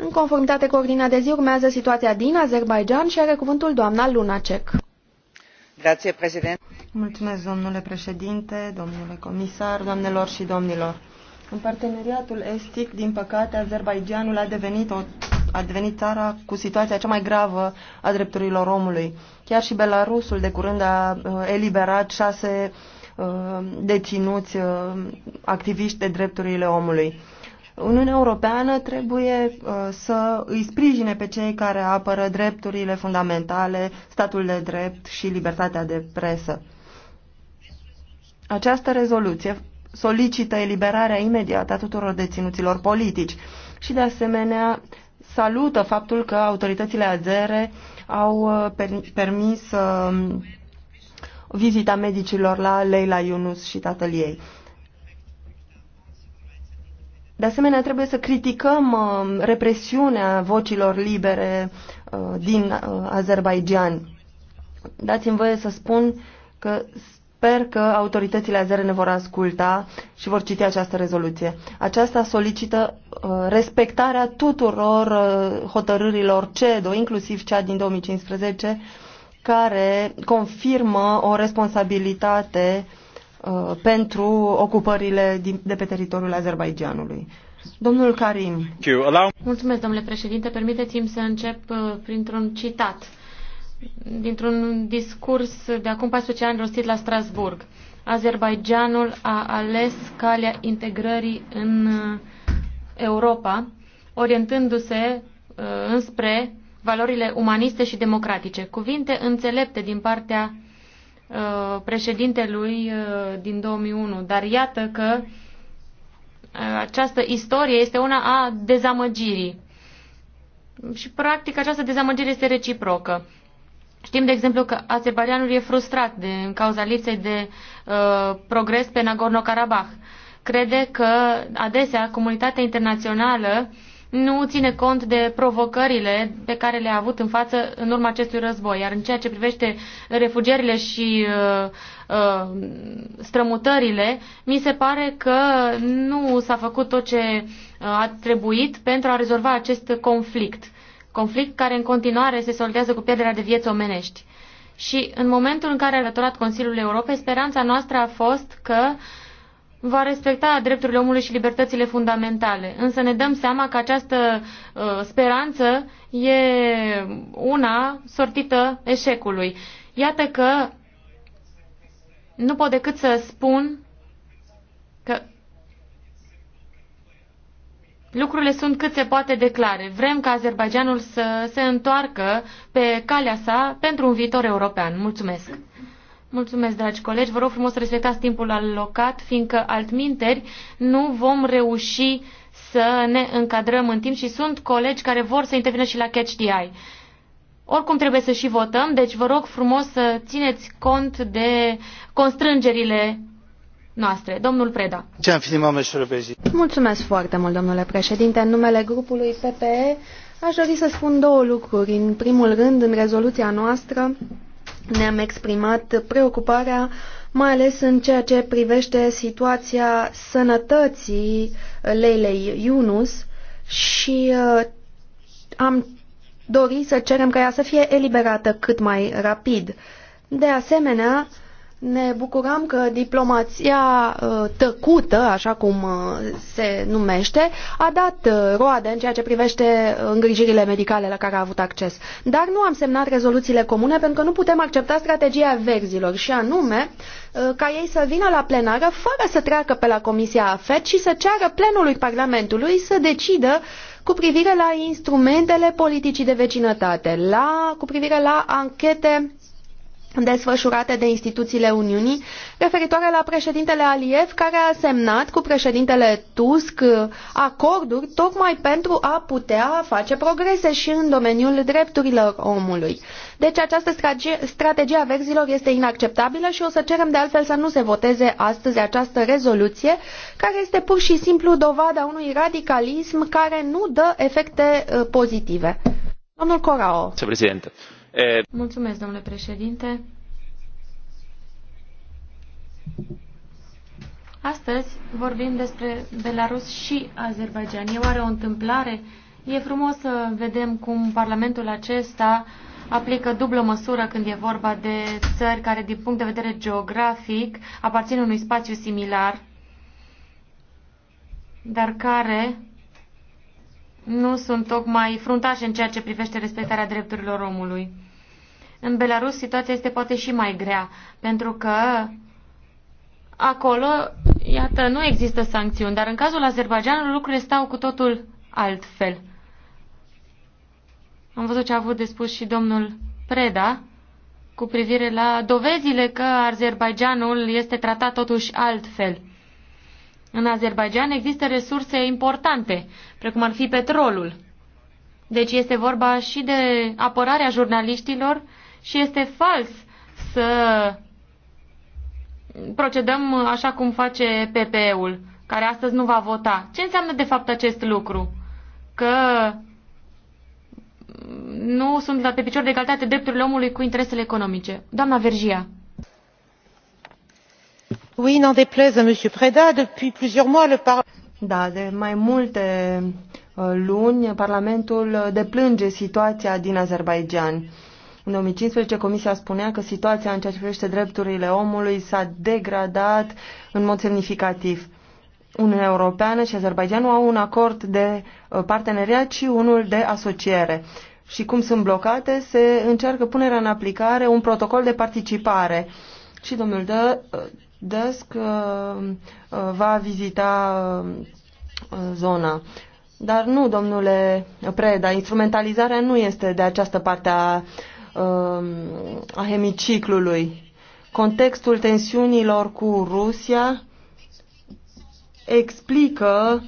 În conformitate cu ordinea de zi, urmează situația din Azerbaijan și are cuvântul doamna Lunacek. Grație, președinte. Mulțumesc, domnule președinte, domnule comisar, doamnelor și domnilor. În parteneriatul estic, din păcate, Azerbaijanul a devenit, o, a devenit țara cu situația cea mai gravă a drepturilor omului. Chiar și Belarusul de curând a uh, eliberat șase uh, deținuți uh, activiști de drepturile omului. Uniunea Europeană trebuie uh, să îi sprijine pe cei care apără drepturile fundamentale, statul de drept și libertatea de presă. Această rezoluție solicită eliberarea imediată a tuturor deținuților politici și, de asemenea, salută faptul că autoritățile azere au uh, permis uh, vizita medicilor la Leila Yunus și tatăl ei. De asemenea, trebuie să criticăm um, represiunea vocilor libere uh, din uh, Azerbaijan. Dați-mi voie să spun că sper că autoritățile azere ne vor asculta și vor citi această rezoluție. Aceasta solicită uh, respectarea tuturor hotărârilor CEDO, inclusiv cea din 2015, care confirmă o responsabilitate uh, Uh, pentru ocupările de pe teritoriul Azerbaijanului. Domnul Karim. Mulțumesc, domnule președinte. Permiteți-mi să încep uh, printr-un citat dintr-un discurs de acum 14 ani rostit la Strasburg. Azerbaijanul a ales calea integrării în uh, Europa, orientându-se înspre valorile umaniste și democratice. Cuvinte înțelepte din partea Uh, președintelui uh, din 2001. Dar iată că uh, această istorie este una a dezamăgirii. Și, practic, această dezamăgire este reciprocă. Știm, de exemplu, că Azerbaijanul e frustrat de, în cauza lipsei de uh, progres pe Nagorno-Karabakh. Crede că, adesea, comunitatea internațională uh, nu ține cont de provocările pe care le-a avut în față în urma acestui război. Iar în ceea ce privește refugiările și uh, uh, strămutările, mi se pare că nu s-a făcut tot ce uh, a trebuit pentru a rezolva acest conflict. Conflict care în continuare se soldează cu pierderea de vieți omenești. Și în momentul în care a alăturat Consiliul Europei, speranța noastră a fost că uh, va respecta drepturile omului și libertățile fundamentale. Însă ne dăm seama că această uh, speranță e una sortită eșecului. Iată că nu pot decât să spun că lucrurile sunt cât se poate declare. Vrem ca Azerbaijanul să se întoarcă pe calea sa pentru un viitor european. Mulțumesc! Mulțumesc, dragi colegi. Vă rog frumos să respectați timpul alocat, fiindcă altminteri nu vom reuși să ne încadrăm în timp și sunt colegi care vor să intervină și la Catch the Eye. Oricum trebuie să și votăm, deci vă rog frumos să țineți cont de constrângerile noastre. Domnul Preda. Mulțumesc foarte mult, domnule președinte. În numele grupului PPE aș dori să spun două lucruri. În primul rând, în rezoluția noastră, ne-am exprimat preocuparea, mai ales în ceea ce privește situația sănătății Leilei Yunus și uh, am dorit să cerem ca ea să fie eliberată cât mai rapid. De asemenea, uh, ne bucuram că diplomația uh, tăcută, așa cum uh, se numește, a dat uh, roade în ceea ce privește îngrijirile medicale la care a avut acces. Dar nu am semnat rezoluțiile comune pentru că nu putem accepta strategia verzilor și anume ca ei să vină la plenară fără să treacă pe la Comisia AFET și să ceară plenului Parlamentului să decidă cu privire la instrumentele politicii de vecinătate, la, cu privire la anchete desfășurate de instituțiile Uniunii, referitoare la președintele Aliev, care a semnat cu președintele Tusk uh, acorduri tocmai pentru a putea face progrese și în domeniul drepturilor omului. Deci această strategie a verzilor este inacceptabilă și o să cerem de altfel să nu se voteze astăzi această rezoluție, care este pur și simplu dovada unui radicalism care nu dă efecte uh, pozitive. Domnul Corao. Președinte. Mulțumesc, domnule președinte. Astăzi vorbim despre Belarus și Azerbaijan. E oare o întâmplare? E frumos să vedem cum Parlamentul acesta aplică dublă măsură când e vorba de țări care, din punct de vedere geografic, aparțin unui spațiu similar, dar care nu sunt tocmai fruntași în ceea ce privește respectarea drepturilor omului. În Belarus situația este poate și mai grea, pentru că acolo, iată, nu există sancțiuni, dar în cazul Azerbaijanului lucrurile stau cu totul altfel. Am văzut ce a avut de spus și domnul Preda cu privire la dovezile că Azerbaijanul este tratat totuși altfel. În Azerbaijan există resurse importante, precum ar fi petrolul. Deci este vorba și de apărarea jurnaliștilor și este fals să procedăm așa cum face PPE-ul, care astăzi nu va vota. Ce înseamnă de fapt acest lucru? Că nu sunt la pe picior de egalitate drepturile omului cu interesele economice. Doamna Vergia n'en déplaise à M. Preda, depuis plusieurs mois, le Da, de mai multe uh, luni, Parlamentul deplânge situația din Azerbaijan. În 2015, Comisia spunea că situația în ceea ce privește drepturile omului s-a degradat în mod semnificativ. Uniunea Europeană și Azerbaidjanul au un acord de uh, parteneriat și unul de asociere. Și cum sunt blocate, se încearcă punerea în aplicare un protocol de participare. Și domnul Dă uh, Desc uh, uh, va vizita uh, zona. Dar nu, domnule Preda, instrumentalizarea nu este de această parte a, a hemiciclului. Contextul tensiunilor cu Rusia explică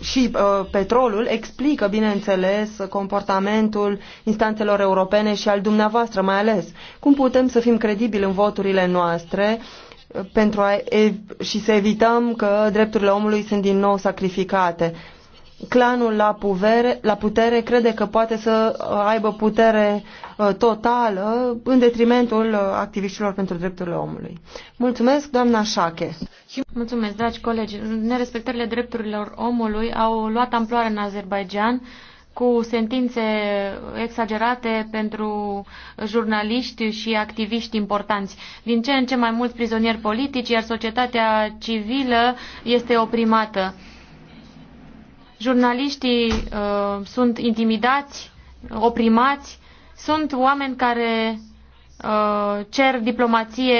și petrolul explică, bineînțeles, comportamentul instanțelor europene și al dumneavoastră mai ales. Cum putem să fim credibili în voturile noastre uh, pentru a și să evităm că drepturile omului sunt din nou sacrificate. Clanul la, puvere, la putere crede că poate să uh, aibă putere uh, totală în detrimentul uh, activiștilor pentru drepturile omului. Mulțumesc, doamna Șache. Mulțumesc, dragi colegi. Nerespectările drepturilor omului au luat amploare în Azerbaijan cu sentințe exagerate pentru jurnaliști și activiști importanți. Din ce în ce mai mulți prizonieri politici, iar societatea civilă este oprimată. Jurnaliștii uh, sunt intimidați, oprimați, sunt oameni care Uh, cer diplomație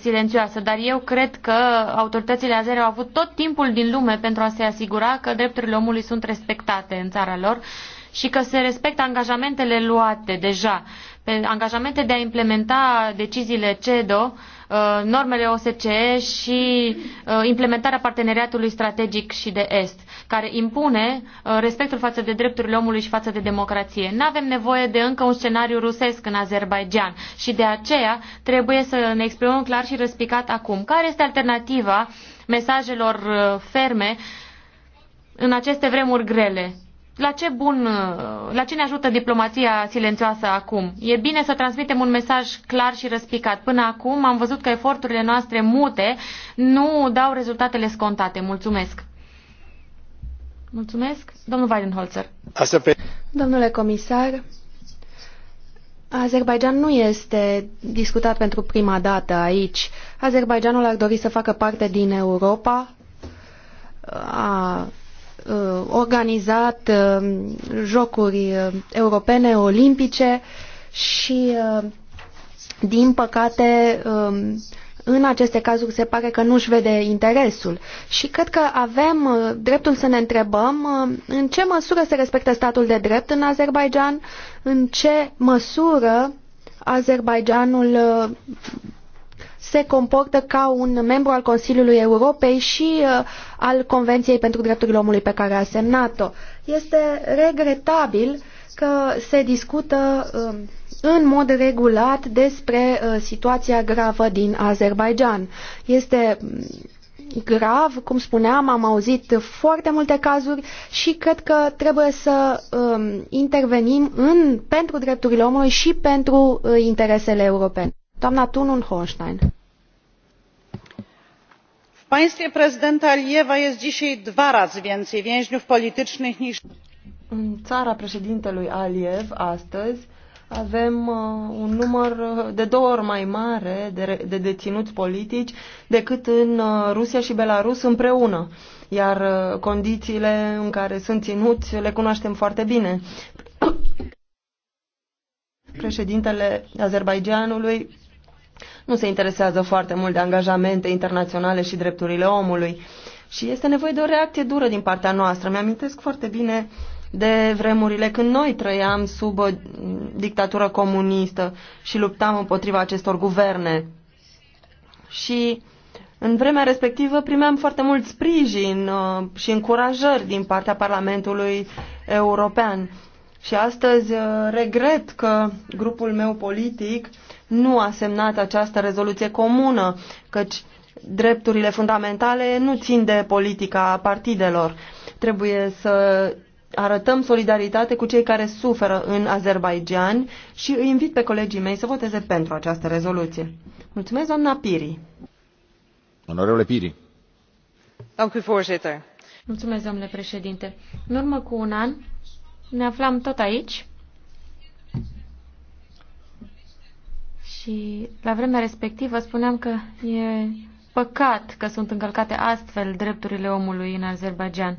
silențioasă, dar eu cred că autoritățile azere au avut tot timpul din lume pentru a se asigura că drepturile omului sunt respectate în țara lor și că se respectă angajamentele luate deja, pe angajamente de a implementa deciziile CEDO, uh, normele OSCE și uh, implementarea parteneriatului strategic și de est, care impune uh, respectul față de drepturile omului și față de democrație. Nu avem nevoie de încă un scenariu rusesc în Azerbaijan și de aceea trebuie să ne exprimăm clar și răspicat acum. Care este alternativa mesajelor ferme în aceste vremuri grele? la ce, bun, la ce ne ajută diplomația silențioasă acum? E bine să transmitem un mesaj clar și răspicat. Până acum am văzut că eforturile noastre mute nu dau rezultatele scontate. Mulțumesc! Mulțumesc. Domnul Weidenholzer. Domnule comisar, Azerbaijan nu este discutat pentru prima dată aici. Azerbaijanul ar dori să facă parte din Europa, organizat uh, jocuri uh, europene, olimpice și, uh, din păcate, um, în aceste cazuri se pare că nu-și vede interesul. Și cred că avem dreptul să ne întrebăm în ce măsură se respectă statul de drept în Azerbaijan, în ce măsură Azerbaijanul se comportă ca un membru al Consiliului Europei și uh, al Convenției pentru Drepturile Omului pe care a semnat-o. Este regretabil că se discută um, în mod regulat despre uh, situația gravă din Azerbaijan. Este mm, grav, cum spuneam, am auzit foarte multe cazuri și cred că trebuie să um, intervenim în, pentru drepturile omului și pentru uh, interesele europene. Doamna Tunun Hornstein w państwie prezydenta alijewa jest dzisiaj dwa razy więcej więźniów politycznych niż. în țara președintelui aliyev astăzi avem uh, un număr de două ori mai mare de, de deținuți politici decât în uh, Rusia și Belarus împreună. Iar uh, condițiile în care sunt ținuți le cunoaștem foarte bine. Președintele Azerbaidjanului nu se interesează foarte mult de angajamente internaționale și drepturile omului. Și este nevoie de o reacție dură din partea noastră. Mi-amintesc foarte bine de vremurile când noi trăiam sub o uh, dictatură comunistă și luptam împotriva acestor guverne. Și în vremea respectivă primeam foarte mult sprijin uh, și încurajări din partea Parlamentului European. Și astăzi uh, regret că grupul meu politic nu a semnat această rezoluție comună, căci drepturile fundamentale nu țin de politica partidelor. Trebuie să arătăm solidaritate cu cei care suferă în Azerbaijan și îi invit pe colegii mei să voteze pentru această rezoluție. Mulțumesc, doamna Piri. Onorele Piri. Mulțumesc, domnule președinte. În urmă cu un an ne aflam tot aici Și la vremea respectivă spuneam că e păcat că sunt încălcate astfel drepturile omului în Azerbaijan.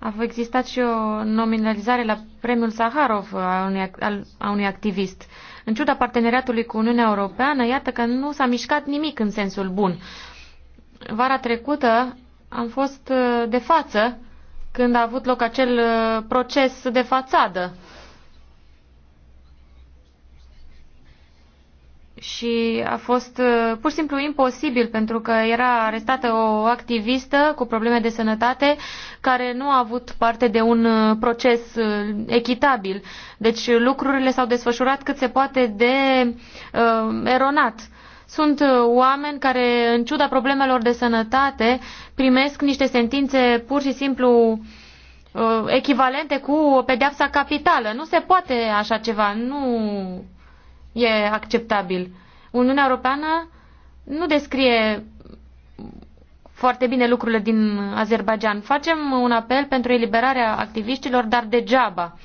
A existat și o nominalizare la premiul Saharov a unui, a unui activist. În ciuda parteneriatului cu Uniunea Europeană, iată că nu s-a mișcat nimic în sensul bun. Vara trecută am fost uh, de față când a avut loc acel uh, proces de fațadă și a fost uh, pur și simplu imposibil pentru că era arestată o activistă cu probleme de sănătate care nu a avut parte de un uh, proces uh, echitabil. Deci lucrurile s-au desfășurat cât se poate de uh, eronat. Sunt oameni care, în ciuda problemelor de sănătate, primesc niște sentințe pur și simplu uh, echivalente cu o pedeapsa capitală. Nu se poate așa ceva. Nu e acceptabil. Uniunea Europeană nu descrie foarte bine lucrurile din Azerbaijan. Facem un apel pentru eliberarea activiștilor, dar degeaba.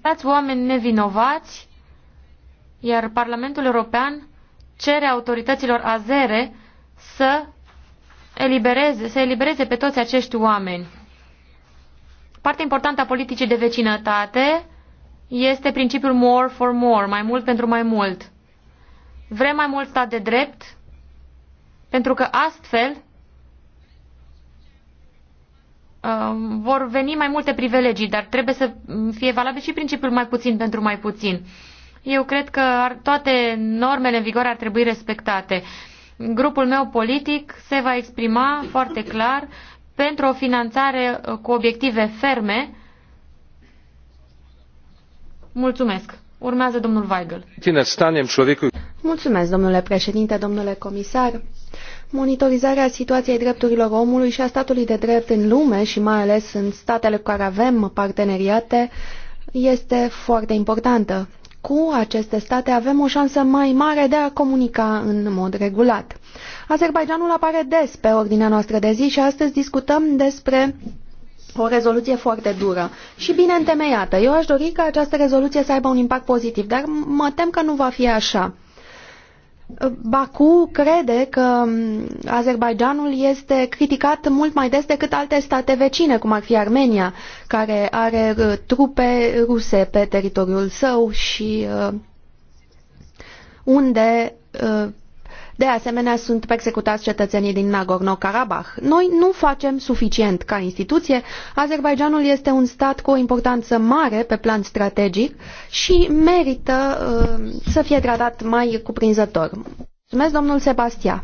Dați oameni nevinovați, iar Parlamentul European cere autorităților azere să elibereze, să elibereze pe toți acești oameni. Partea importantă a politicii de vecinătate este principiul more for more, mai mult pentru mai mult. Vrem mai mult stat de drept, pentru că astfel uh, vor veni mai multe privilegii, dar trebuie să fie valabil și principiul mai puțin pentru mai puțin. Eu cred că ar, toate normele în vigoare ar trebui respectate. Grupul meu politic se va exprima foarte clar uh, pentru o finanțare uh, cu obiective ferme. Mulțumesc. Urmează domnul Weigel. Mulțumesc, domnule președinte, domnule comisar. Monitorizarea situației drepturilor omului și a statului de drept în lume și mai ales în statele cu care avem parteneriate este foarte importantă cu aceste state avem o șansă mai mare de a comunica în mod regulat. Azerbaijanul apare des pe ordinea noastră de zi și astăzi discutăm despre o rezoluție foarte dură și bine întemeiată. Eu aș dori ca această rezoluție să aibă un impact pozitiv, dar mă tem că nu va fi așa. Baku crede că Azerbaijanul este criticat mult mai des decât alte state vecine, cum ar fi Armenia, care are uh, trupe ruse pe teritoriul său și uh, unde uh, de asemenea, sunt persecutați cetățenii din Nagorno-Karabakh. Noi nu facem suficient ca instituție. Azerbaijanul este un stat cu o importanță mare pe plan strategic și merită uh, să fie tratat mai cuprinzător. Mulțumesc, domnul Sebastia.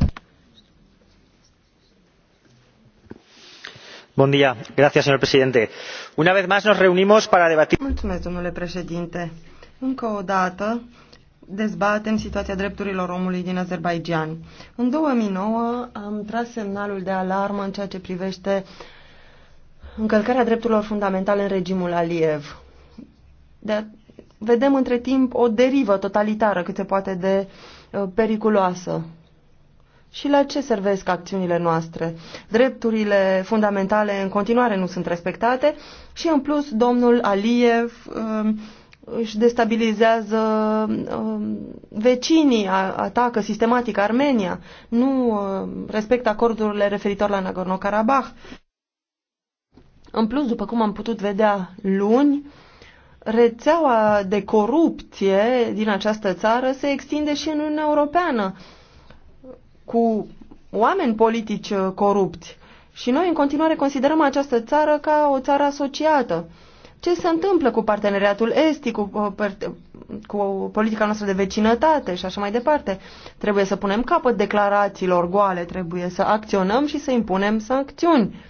Bun dia. Gracias, señor presidente. Una vez más nos reunimos para debatir. Mulțumesc, domnule președinte. Încă o dată dezbatem situația drepturilor omului din Azerbaijan. În 2009 am tras semnalul de alarmă în ceea ce privește încălcarea drepturilor fundamentale în regimul Aliev. De vedem între timp o derivă totalitară cât se poate de uh, periculoasă. Și la ce servesc acțiunile noastre? Drepturile fundamentale în continuare nu sunt respectate și în plus domnul Aliev uh, um, își destabilizează um, vecinii, atacă sistematic Armenia, nu um, respectă acordurile referitor la Nagorno-Karabakh. În plus, după cum am putut vedea luni, rețeaua de corupție din această țară se extinde și în Uniunea Europeană cu oameni politici uh, corupți. Și noi în continuare considerăm această țară ca o țară asociată ce se întâmplă cu parteneriatul estic, cu, uh, cu politica noastră de vecinătate și așa mai departe. Trebuie să punem capăt declarațiilor goale, trebuie să acționăm și să impunem sancțiuni.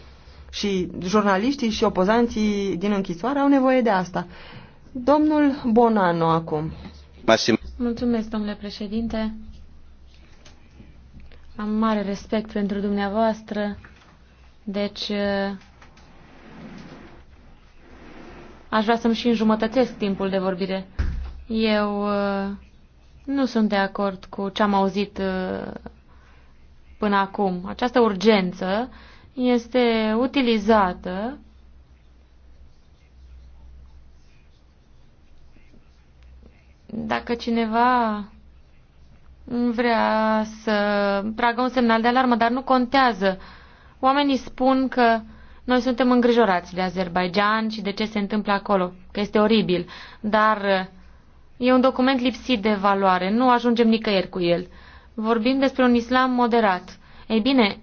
Și jurnaliștii și opozanții din închisoare au nevoie de asta. Domnul Bonano acum. Maxim. Mulțumesc, domnule președinte. Am mare respect pentru dumneavoastră. Deci, uh, Aș vrea să-mi și înjumătățesc timpul de vorbire. Eu uh, nu sunt de acord cu ce am auzit uh, până acum. Această urgență este utilizată dacă cineva vrea să tragă un semnal de alarmă, dar nu contează. Oamenii spun că noi suntem îngrijorați de Azerbaijan și de ce se întâmplă acolo, că este oribil, dar uh, e un document lipsit de valoare, nu ajungem nicăieri cu el. Vorbim despre un islam moderat. Ei bine,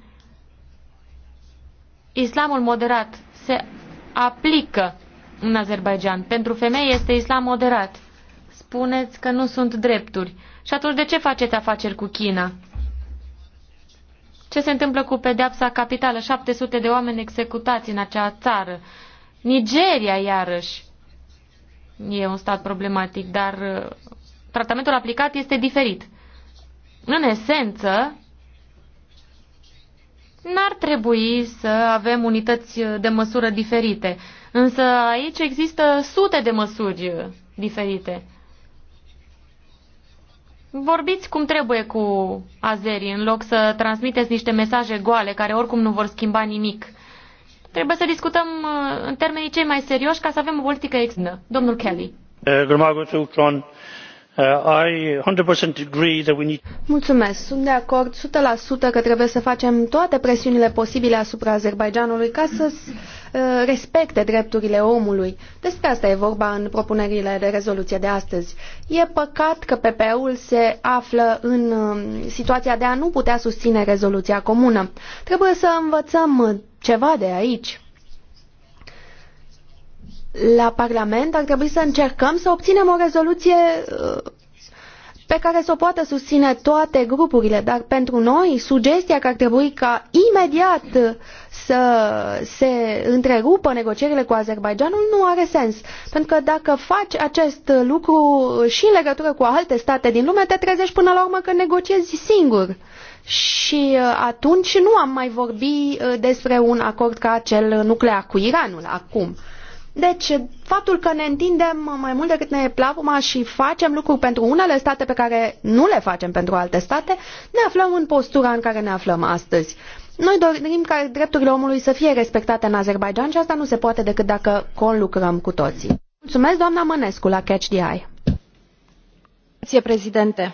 islamul moderat se aplică în Azerbaijan. Pentru femei este islam moderat. Spuneți că nu sunt drepturi. Și atunci de ce faceți afaceri cu China? Ce se întâmplă cu pedeapsa capitală? 700 de oameni executați în acea țară. Nigeria, iarăși, e un stat problematic, dar uh, tratamentul aplicat este diferit. În esență, n-ar trebui să avem unități uh, de măsură diferite. Însă aici există sute de măsuri uh, diferite. Vorbiți cum trebuie cu azerii, în loc să transmiteți niște mesaje goale, care oricum nu vor schimba nimic. Trebuie să discutăm uh, în termenii cei mai serioși ca să avem o politică externă. Domnul Kelly. Eh, eh, Mulțumesc. Sunt de acord 100% că trebuie să facem toate presiunile posibile asupra Azerbaijanului ca să Uh, respecte drepturile omului. Despre asta e vorba în propunerile de rezoluție de astăzi. E păcat că PPE-ul se află în um, situația de a nu putea susține rezoluția comună. Trebuie să învățăm ceva de aici. La Parlament ar trebui să încercăm să obținem o rezoluție uh, pe care să o poată susține toate grupurile, dar pentru noi sugestia că ar trebui ca imediat să se întrerupă negocierile cu Azerbaidjanul nu are sens, pentru că dacă faci acest lucru și în legătură cu alte state din lume, te trezești până la urmă că negociezi singur. Și uh, atunci nu am mai vorbi uh, despre un acord ca cel nuclear cu Iranul acum. Deci, faptul că ne întindem mai mult decât ne e plavuma și facem lucruri pentru unele state pe care nu le facem pentru alte state, ne aflăm în postura în care ne aflăm astăzi. Noi dorim ca drepturile omului să fie respectate în Azerbaijan și asta nu se poate decât dacă conlucrăm cu toții. Mulțumesc, doamna Mănescu, la Catch the Eye. președinte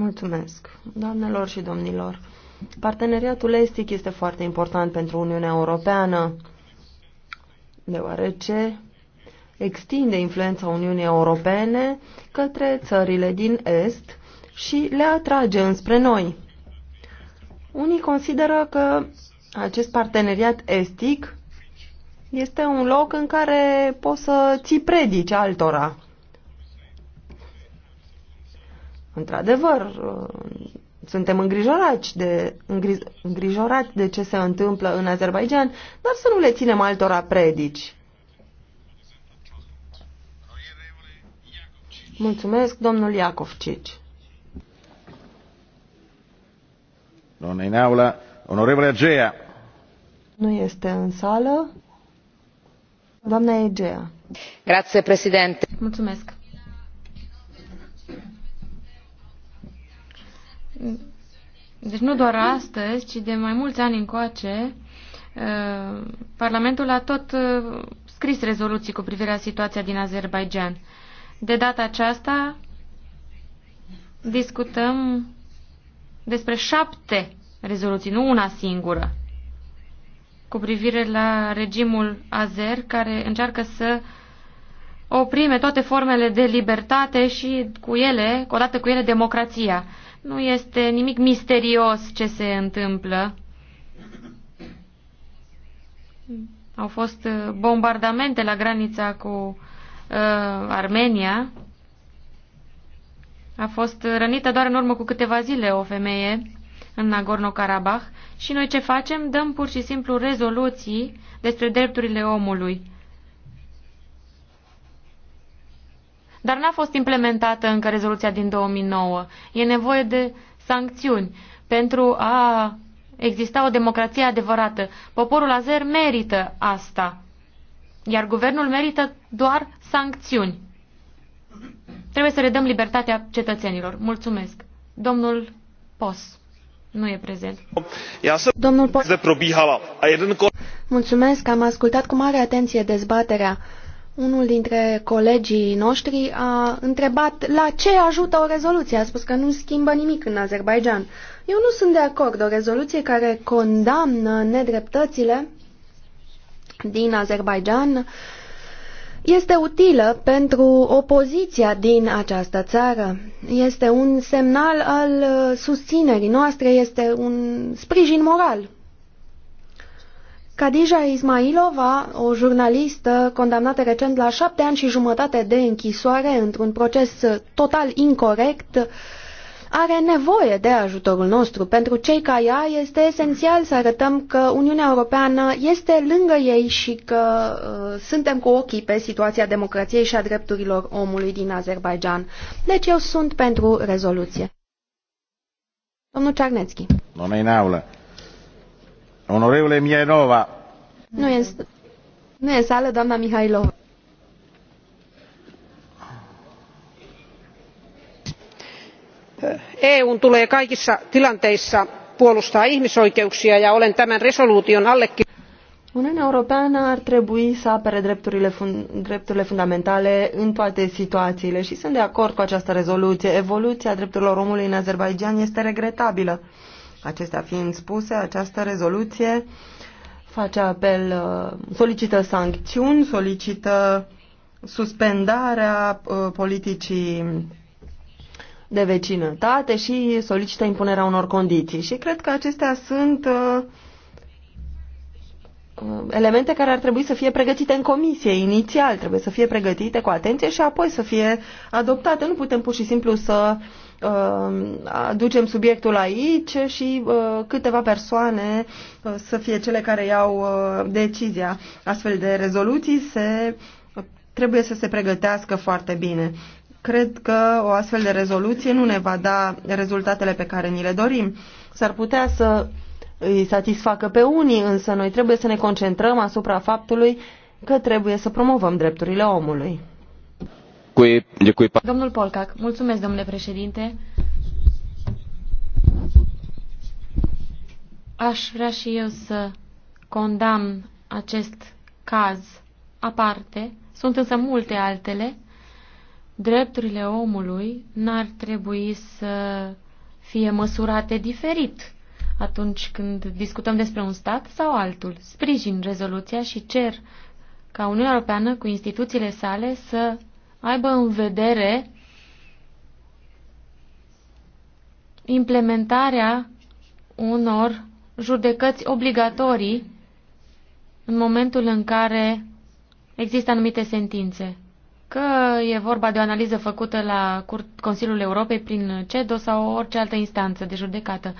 Mulțumesc, doamnelor și domnilor. Parteneriatul estic este foarte important pentru Uniunea Europeană, deoarece extinde influența Uniunii Europene către țările din Est și le atrage înspre noi. Unii consideră că acest parteneriat estic este un loc în care poți să ți predici altora. Într-adevăr, suntem îngrijorați de, îngri, îngrijorați de ce se întâmplă în Azerbaijan, dar să nu le ținem altora predici. Mulțumesc, domnul Iacovcici. Non in aula. Onorevole Agea. Nu este în sală. Doamna Egea. Grazie, președinte. Mulțumesc Deci nu doar astăzi, ci de mai mulți ani încoace, uh, Parlamentul a tot uh, scris rezoluții cu privire la situația din Azerbaijan. De data aceasta discutăm despre șapte rezoluții, nu una singură, cu privire la regimul Azer, care încearcă să oprime toate formele de libertate și cu ele, odată cu ele, democrația. Nu este nimic misterios ce se întâmplă. Au fost uh, bombardamente la granița cu uh, Armenia. A fost rănită doar în urmă cu câteva zile o femeie în Nagorno-Karabakh și noi ce facem? Dăm pur și simplu rezoluții despre drepturile omului. dar n-a fost implementată încă rezoluția din 2009. E nevoie de sancțiuni pentru a exista o democrație adevărată. Poporul azer merită asta, iar guvernul merită doar sancțiuni. Trebuie să redăm libertatea cetățenilor. Mulțumesc. Domnul Pos. Nu e prezent. Domnul Pos. Mulțumesc, am ascultat cu mare atenție dezbaterea. Unul dintre colegii noștri a întrebat la ce ajută o rezoluție. A spus că nu schimbă nimic în Azerbaijan. Eu nu sunt de acord. O rezoluție care condamnă nedreptățile din Azerbaijan este utilă pentru opoziția din această țară. Este un semnal al susținerii noastre, este un sprijin moral Khadija Ismailova, o jurnalistă condamnată recent la șapte ani și jumătate de închisoare într-un proces total incorrect, are nevoie de ajutorul nostru. Pentru cei ca ea este esențial să arătăm că Uniunea Europeană este lângă ei și că uh, suntem cu ochii pe situația democrației și a drepturilor omului din Azerbaijan. Deci eu sunt pentru rezoluție. Domnul Cernețchi. Doamna Inaulă. Onorevole Mienova. Nu e, nu e sală, doamna Mihailova. eun tulee kaikissa tilanteissa puolustaa ihmisoikeuksia ja olen tämän resoluution Uniunea Europeană ar trebui să apere drepturile, fun drepturile fundamentale în toate situațiile și sunt de acord cu această rezoluție. Evoluția drepturilor omului în Azerbaidjan este regretabilă. Acestea fiind spuse, această rezoluție face apel, uh, solicită sancțiuni, solicită suspendarea uh, politicii de vecinătate și solicită impunerea unor condiții. Și cred că acestea sunt uh, elemente care ar trebui să fie pregătite în comisie inițial, trebuie să fie pregătite cu atenție și apoi să fie adoptate. Nu putem pur și simplu să uh, Uh, aducem subiectul aici și uh, câteva persoane uh, să fie cele care iau decizia. Astfel de rezoluții se, trebuie să se pregătească foarte bine. Cred că o astfel de rezoluție nu ne va da rezultatele pe care ni le dorim. S-ar putea să îi satisfacă pe unii, însă noi trebuie să ne concentrăm asupra faptului că trebuie să promovăm drepturile omului. Děkuji, děkuji. Domnul Polcac, mulțumesc, domnule președinte. Aș vrea și eu să condamn acest caz aparte. Sunt însă multe altele. Drepturile omului n-ar trebui să fie măsurate diferit atunci când discutăm despre un stat sau altul. Sprijin rezoluția și cer ca Uniunea Europeană cu instituțiile sale să aibă în vedere implementarea unor judecăți obligatorii în momentul în care există anumite sentințe. Că e vorba de o analiză făcută la Consiliul Europei prin CEDO sau orice altă instanță de judecată.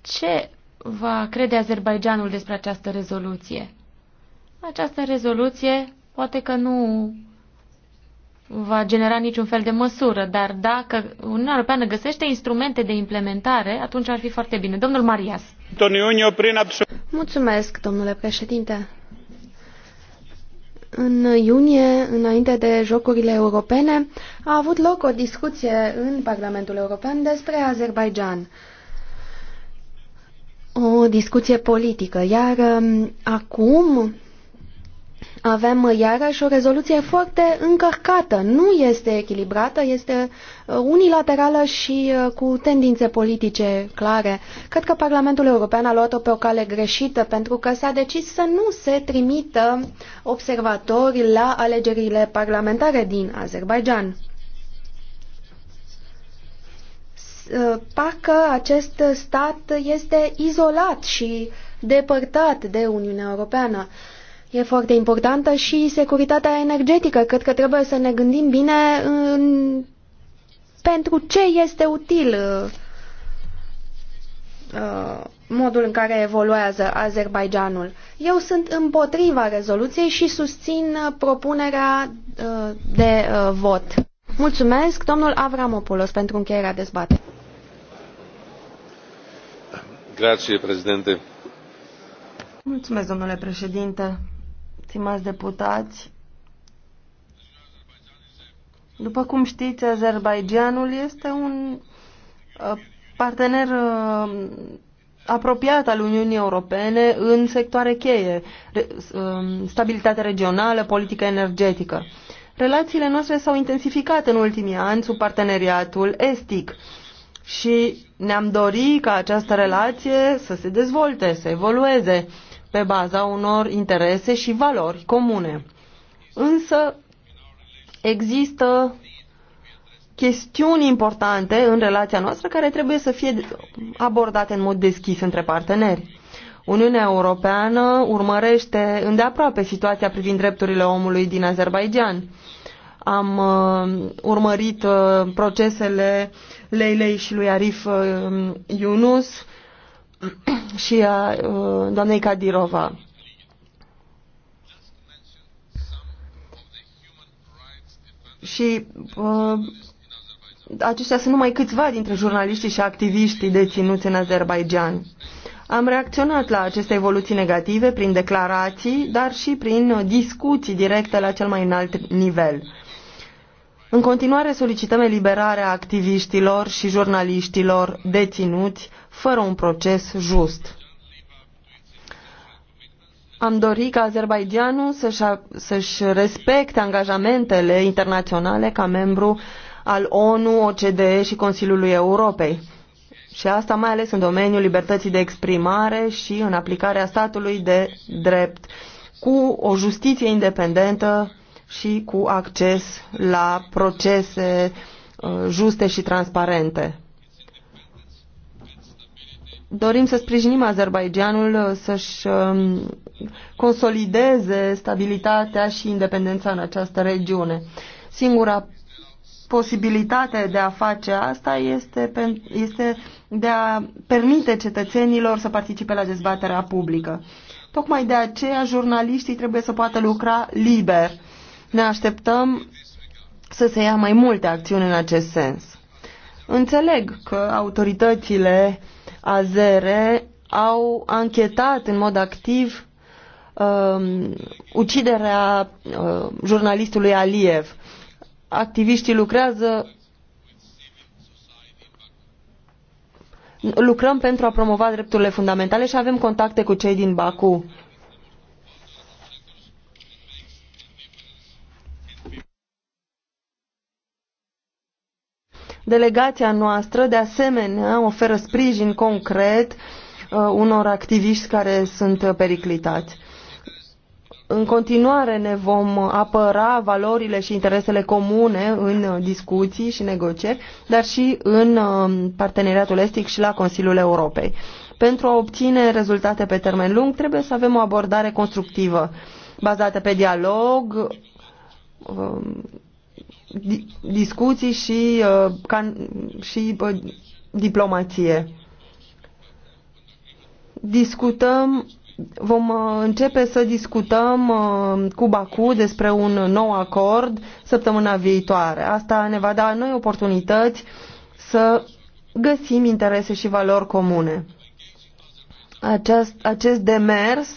Ce va crede Azerbaijanul despre această rezoluție? Această rezoluție poate că nu va genera niciun fel de măsură, dar dacă Uniunea Europeană găsește instrumente de implementare, atunci ar fi foarte bine. Domnul Marias. Mulțumesc, domnule președinte. În iunie, înainte de Jocurile Europene, a avut loc o discuție în Parlamentul European despre Azerbaijan. O discuție politică, iar um, acum avem uh, iarăși o rezoluție foarte încărcată, nu este echilibrată, este uh, unilaterală și uh, cu tendințe politice clare. Cred că Parlamentul European a luat-o pe o cale greșită pentru că s-a decis să nu se trimită observatori la alegerile parlamentare din Azerbaijan. Parcă acest stat este izolat și depărtat de Uniunea Europeană. E foarte importantă și securitatea energetică. Cred că trebuie să ne gândim bine în... pentru ce este util uh, modul în care evoluează Azerbaijanul. Eu sunt împotriva rezoluției și susțin propunerea uh, de uh, vot. Mulțumesc, domnul Avramopoulos, pentru încheierea dezbaterii. Grazie, președinte. Mulțumesc, domnule președinte stimați deputați, după cum știți, Azerbaijanul este un uh, partener uh, apropiat al Uniunii Europene în sectoare cheie, um, stabilitate regională, politică energetică. Relațiile noastre s-au intensificat în ultimii ani sub parteneriatul estic și ne-am dorit ca această relație să se dezvolte, să evolueze pe baza unor interese și valori comune. Însă există chestiuni importante în relația noastră care trebuie să fie abordate în mod deschis între parteneri. Uniunea Europeană urmărește îndeaproape situația privind drepturile omului din Azerbaijan. Am uh, urmărit uh, procesele Leilei și lui Arif uh, Yunus, și a uh, doamnei Kadirova. Și uh, aceștia sunt numai câțiva dintre jurnaliștii și activiștii deținuți în Azerbaijan. Am reacționat la aceste evoluții negative prin declarații, dar și prin discuții directe la cel mai înalt nivel. În continuare solicităm eliberarea activiștilor și jurnaliștilor deținuți fără un proces just. Am dorit ca Azerbaijanul să-și, să respecte angajamentele internaționale ca membru al ONU, OCDE și Consiliului Europei. Și asta mai ales în domeniul libertății de exprimare și în aplicarea statului de drept, cu o justiție independentă și cu acces la procese uh, juste și transparente. Dorim să sprijinim Azerbaijanul uh, să-și um, consolideze stabilitatea și independența în această regiune. Singura posibilitate de a face asta este, este de a permite cetățenilor să participe la dezbaterea publică. Tocmai de aceea jurnaliștii trebuie să poată lucra liber ne așteptăm să se ia mai multe acțiuni în acest sens. Înțeleg că autoritățile azere au anchetat în mod activ um, uciderea uh, jurnalistului Aliev. Activiștii lucrează lucrăm pentru a promova drepturile fundamentale și avem contacte cu cei din Baku. Delegația noastră, de asemenea, oferă sprijin concret uh, unor activiști care sunt periclitați. În continuare ne vom apăra valorile și interesele comune în discuții și negocieri, dar și în um, parteneriatul estic și la Consiliul Europei. Pentru a obține rezultate pe termen lung, trebuie să avem o abordare constructivă, bazată pe dialog, um, discuții și, uh, can, și uh, diplomație. Discutăm, vom uh, începe să discutăm uh, cu Baku despre un nou acord săptămâna viitoare. Asta ne va da noi oportunități să găsim interese și valori comune. Acest, acest demers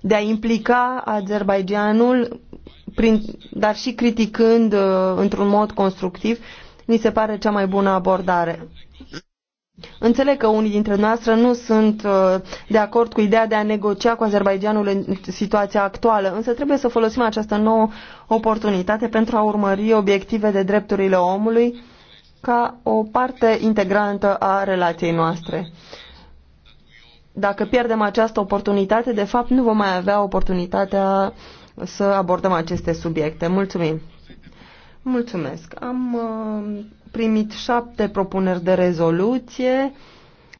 de a implica Azerbaijanul prin, dar și criticând uh, într-un mod constructiv, mi se pare cea mai bună abordare. Înțeleg că unii dintre noastre nu sunt uh, de acord cu ideea de a negocia cu Azerbaijanul în situația actuală, însă trebuie să folosim această nouă oportunitate pentru a urmări obiective de drepturile omului ca o parte integrantă a relației noastre. Dacă pierdem această oportunitate, de fapt nu vom mai avea oportunitatea să abordăm aceste subiecte. Mulțumim! Mulțumesc! Am uh, primit șapte propuneri de rezoluție.